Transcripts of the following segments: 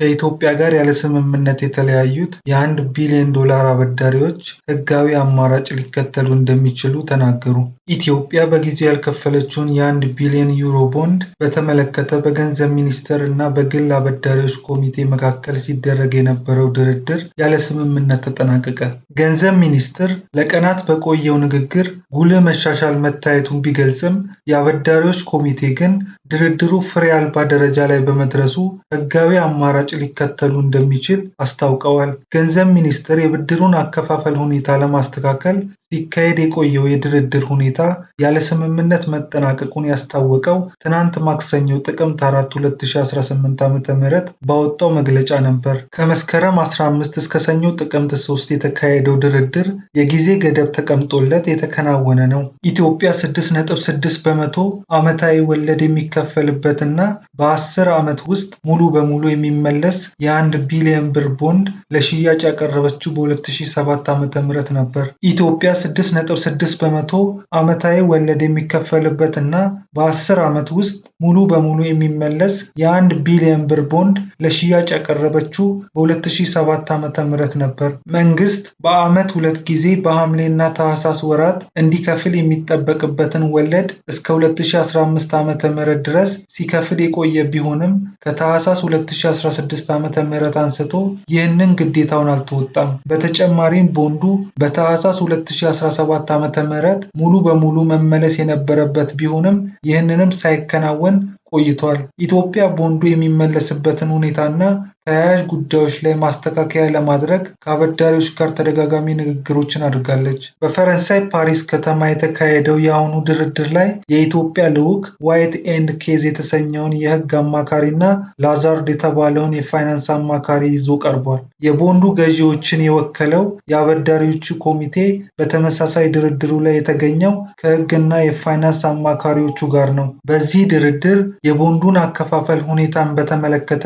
ከኢትዮጵያ ጋር ያለ ስምምነት የተለያዩት የአንድ ቢሊዮን ዶላር አበዳሪዎች ሕጋዊ አማራጭ ሊከተሉ እንደሚችሉ ተናገሩ። ኢትዮጵያ በጊዜው ያልከፈለችውን የአንድ ቢሊዮን ዩሮ ቦንድ በተመለከተ በገንዘብ ሚኒስቴር እና በግል አበዳሪዎች ኮሚቴ መካከል ሲደረግ የነበረው ድርድር ያለ ስምምነት ተጠናቀቀ። ገንዘብ ሚኒስትር ለቀናት በቆየው ንግግር ጉልህ መሻሻል መታየቱን ቢገልጽም የአበዳሪዎች ኮሚቴ ግን ድርድሩ ፍሬ አልባ ደረጃ ላይ በመድረሱ ሕጋዊ አማራጭ አማራጭ ሊከተሉ እንደሚችል አስታውቀዋል። ገንዘብ ሚኒስቴር የብድሩን አከፋፈል ሁኔታ ለማስተካከል ሲካሄድ የቆየው የድርድር ሁኔታ ያለ ስምምነት መጠናቀቁን ያስታወቀው ትናንት ማክሰኞ ጥቅምት 4 2018 ም ባወጣው መግለጫ ነበር። ከመስከረም 15 እስከ ሰኞ ጥቅምት 3 የተካሄደው ድርድር የጊዜ ገደብ ተቀምጦለት የተከናወነ ነው። ኢትዮጵያ 6.6 በመቶ ዓመታዊ ወለድ የሚከፈልበትና በ10 ዓመት ውስጥ ሙሉ በሙሉ የሚመለስ የ1 ቢሊዮን ብር ቦንድ ለሽያጭ ያቀረበችው በ2007 ም ነበር። ኢትዮጵያ በ 6 በመቶ ዓመታዊ ወለድ የሚከፈልበት እና በ10 ዓመት ውስጥ ሙሉ በሙሉ የሚመለስ የ1 ቢሊዮን ብር ቦንድ ለሽያጭ ያቀረበችው በ2007 ም ነበር። መንግስት በዓመት ሁለት ጊዜ በሐምሌና ታህሳስ ወራት እንዲከፍል የሚጠበቅበትን ወለድ እስከ 2015 ዓ.ም ድረስ ሲከፍል የቆየ ቢሆንም ከታህሳስ 2016 ም አንስቶ ይህንን ግዴታውን አልተወጣም። በተጨማሪም ቦንዱ በታህሳስ በ2017 ዓ.ም ሙሉ በሙሉ መመለስ የነበረበት ቢሆንም ይህንንም ሳይከናወን ቆይቷል። ኢትዮጵያ ቦንዱ የሚመለስበትን ሁኔታና ተያያዥ ጉዳዮች ላይ ማስተካከያ ለማድረግ ከአበዳሪዎች ጋር ተደጋጋሚ ንግግሮችን አድርጋለች። በፈረንሳይ ፓሪስ ከተማ የተካሄደው የአሁኑ ድርድር ላይ የኢትዮጵያ ልዑክ ዋይት ኤንድ ኬዝ የተሰኘውን የህግ አማካሪና ላዛርድ የተባለውን የፋይናንስ አማካሪ ይዞ ቀርቧል። የቦንዱ ገዢዎችን የወከለው የአበዳሪዎቹ ኮሚቴ በተመሳሳይ ድርድሩ ላይ የተገኘው ከህግና የፋይናንስ አማካሪዎቹ ጋር ነው። በዚህ ድርድር የቦንዱን አከፋፈል ሁኔታን በተመለከተ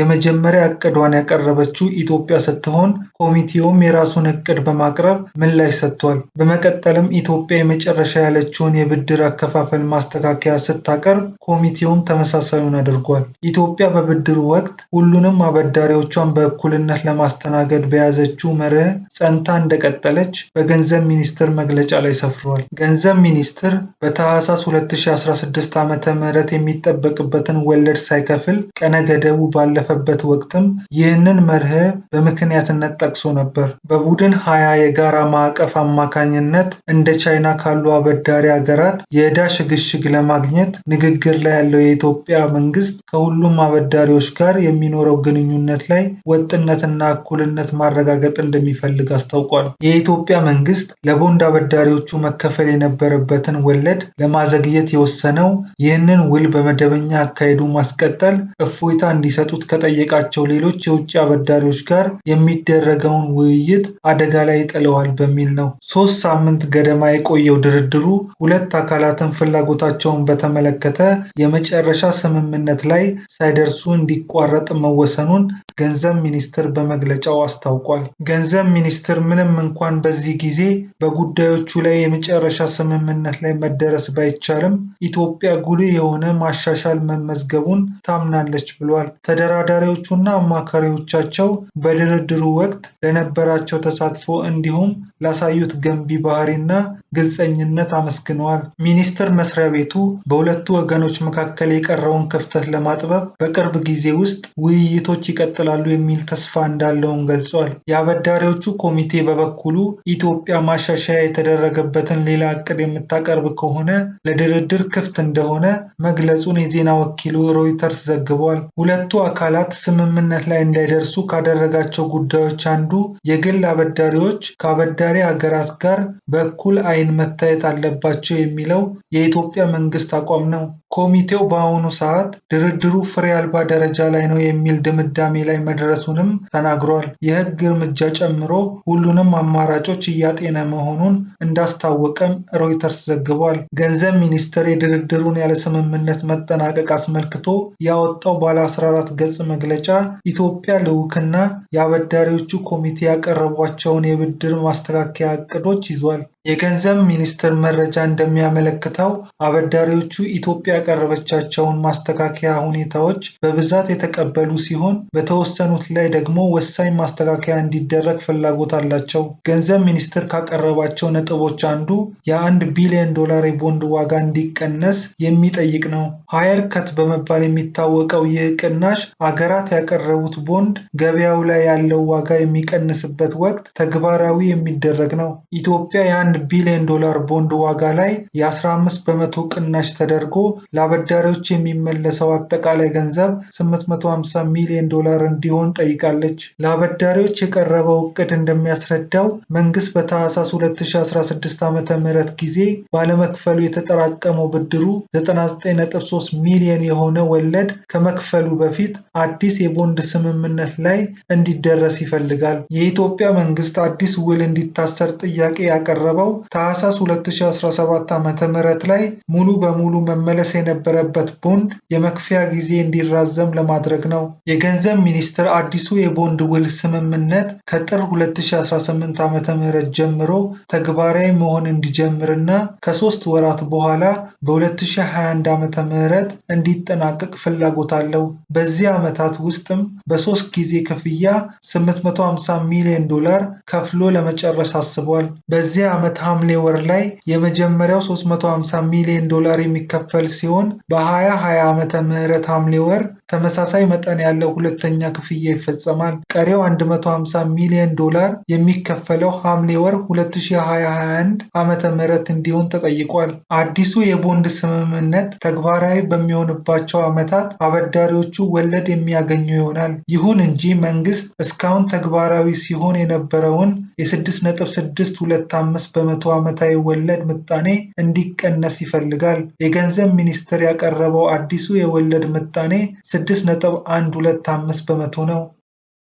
የመጀመሪያ እቅዷን ያቀረበችው ኢትዮጵያ ስትሆን ኮሚቴውም የራሱን እቅድ በማቅረብ ምላሽ ሰጥቷል። በመቀጠልም ኢትዮጵያ የመጨረሻ ያለችውን የብድር አከፋፈል ማስተካከያ ስታቀርብ ኮሚቴውም ተመሳሳዩን አድርጓል። ኢትዮጵያ በብድሩ ወቅት ሁሉንም አበዳሪዎቿን በእኩልነት ለማስተናገድ በያዘችው መርህ ጸንታ እንደቀጠለች በገንዘብ ሚኒስቴር መግለጫ ላይ ሰፍሯል። ገንዘብ ሚኒስቴር በታህሳስ 2016 ዓ.ም የሚጠበቅበትን ወለድ ሳይከፍል ቀነ ገደቡ ባለፈበት ወቅት ወቅትም ይህንን መርህ በምክንያትነት ጠቅሶ ነበር። በቡድን ሀያ የጋራ ማዕቀፍ አማካኝነት እንደ ቻይና ካሉ አበዳሪ ሀገራት የዕዳ ሽግሽግ ለማግኘት ንግግር ላይ ያለው የኢትዮጵያ መንግስት ከሁሉም አበዳሪዎች ጋር የሚኖረው ግንኙነት ላይ ወጥነትና እኩልነት ማረጋገጥ እንደሚፈልግ አስታውቋል። የኢትዮጵያ መንግስት ለቦንድ አበዳሪዎቹ መከፈል የነበረበትን ወለድ ለማዘግየት የወሰነው ይህንን ውል በመደበኛ አካሄዱ ማስቀጠል እፎይታ እንዲሰጡት ከጠየቃቸው ካላቸው ሌሎች የውጭ አበዳሪዎች ጋር የሚደረገውን ውይይት አደጋ ላይ ጥለዋል በሚል ነው። ሶስት ሳምንት ገደማ የቆየው ድርድሩ ሁለት አካላትን ፍላጎታቸውን በተመለከተ የመጨረሻ ስምምነት ላይ ሳይደርሱ እንዲቋረጥ መወሰኑን ገንዘብ ሚኒስትር በመግለጫው አስታውቋል። ገንዘብ ሚኒስትር ምንም እንኳን በዚህ ጊዜ በጉዳዮቹ ላይ የመጨረሻ ስምምነት ላይ መደረስ ባይቻልም ኢትዮጵያ ጉልህ የሆነ ማሻሻል መመዝገቡን ታምናለች ብሏል። ተደራዳሪዎቹና አማካሪዎቻቸው በድርድሩ ወቅት ለነበራቸው ተሳትፎ እንዲሁም ላሳዩት ገንቢ ባህሪና ግልጸኝነት አመስግነዋል። ሚኒስቴር መስሪያ ቤቱ በሁለቱ ወገኖች መካከል የቀረውን ክፍተት ለማጥበብ በቅርብ ጊዜ ውስጥ ውይይቶች ይቀጥላል ይቀጥላሉ የሚል ተስፋ እንዳለውን ገልጿል። የአበዳሪዎቹ ኮሚቴ በበኩሉ ኢትዮጵያ ማሻሻያ የተደረገበትን ሌላ እቅድ የምታቀርብ ከሆነ ለድርድር ክፍት እንደሆነ መግለጹን የዜና ወኪሉ ሮይተርስ ዘግቧል። ሁለቱ አካላት ስምምነት ላይ እንዳይደርሱ ካደረጋቸው ጉዳዮች አንዱ የግል አበዳሪዎች ከአበዳሪ ሀገራት ጋር በእኩል ዓይን መታየት አለባቸው የሚለው የኢትዮጵያ መንግስት አቋም ነው። ኮሚቴው በአሁኑ ሰዓት ድርድሩ ፍሬ አልባ ደረጃ ላይ ነው የሚል ድምዳሜ ላይ ላይ መድረሱንም ተናግሯል። የህግ እርምጃ ጨምሮ ሁሉንም አማራጮች እያጤነ መሆኑን እንዳስታወቀም ሮይተርስ ዘግቧል። ገንዘብ ሚኒስቴር የድርድሩን ያለ ስምምነት መጠናቀቅ አስመልክቶ ያወጣው ባለ 14 ገጽ መግለጫ ኢትዮጵያ ልዑክና የአበዳሪዎቹ ኮሚቴ ያቀረቧቸውን የብድር ማስተካከያ እቅዶች ይዟል። የገንዘብ ሚኒስቴር መረጃ እንደሚያመለክተው፣ አበዳሪዎቹ ኢትዮጵያ ያቀረበቻቸውን ማስተካከያ ሁኔታዎች በብዛት የተቀበሉ ሲሆን፣ በተወሰኑት ላይ ደግሞ ወሳኝ ማስተካከያ እንዲደረግ ፍላጎት አላቸው። ገንዘብ ሚኒስቴር ካቀረባቸው ነጥቦች አንዱ የአንድ ቢሊዮን ዶላር የቦንድ ዋጋ እንዲቀነስ የሚጠይቅ ነው። "ሀየር ከት" በመባል የሚታወቀው ይህ ቅናሽ አገራት ያቀረቡት ቦንድ ገበያው ላይ ያለው ዋጋ የሚቀንስበት ወቅት ተግባራዊ የሚደረግ ነው። ኢትዮጵያ 1 ቢሊዮን ዶላር ቦንድ ዋጋ ላይ የ15 በመቶ ቅናሽ ተደርጎ ለአበዳሪዎች የሚመለሰው አጠቃላይ ገንዘብ 850 ሚሊዮን ዶላር እንዲሆን ጠይቃለች። ለአበዳሪዎች የቀረበው እቅድ እንደሚያስረዳው መንግስት በታህሳስ 2016 ዓ ም ጊዜ ባለመክፈሉ የተጠራቀመው ብድሩ 993 ሚሊዮን የሆነ ወለድ ከመክፈሉ በፊት አዲስ የቦንድ ስምምነት ላይ እንዲደረስ ይፈልጋል። የኢትዮጵያ መንግስት አዲስ ውል እንዲታሰር ጥያቄ ያቀረበው የተረከበው ታህሳስ 2017 ዓ ም ላይ ሙሉ በሙሉ መመለስ የነበረበት ቦንድ የመክፈያ ጊዜ እንዲራዘም ለማድረግ ነው። የገንዘብ ሚኒስቴር አዲሱ የቦንድ ውል ስምምነት ከጥር 2018 ዓ ም ጀምሮ ተግባራዊ መሆን እንዲጀምርና ከሶስት ወራት በኋላ በ2021 ዓ ም እንዲጠናቀቅ ፍላጎት አለው። በዚህ ዓመታት ውስጥም በሶስት ጊዜ ክፍያ 850 ሚሊዮን ዶላር ከፍሎ ለመጨረስ አስቧል። በዚህ ዓመት ዓመት ወር ላይ የመጀመሪያው 350 ሚሊዮን ዶላር የሚከፈል ሲሆን በ2020 ዓመተ ምህረት ሐምሌ ወር ተመሳሳይ መጠን ያለው ሁለተኛ ክፍያ ይፈጸማል። ቀሪው 150 ሚሊዮን ዶላር የሚከፈለው ሐምሌ ወር 2021 ዓ ም እንዲሆን ተጠይቋል። አዲሱ የቦንድ ስምምነት ተግባራዊ በሚሆንባቸው ዓመታት አበዳሪዎቹ ወለድ የሚያገኙ ይሆናል። ይሁን እንጂ መንግስት እስካሁን ተግባራዊ ሲሆን የነበረውን የ6.625 በመቶ ዓመታዊ ወለድ ምጣኔ እንዲቀነስ ይፈልጋል። የገንዘብ ሚኒስቴር ያቀረበው አዲሱ የወለድ ምጣኔ 6.125 በመቶ ነው።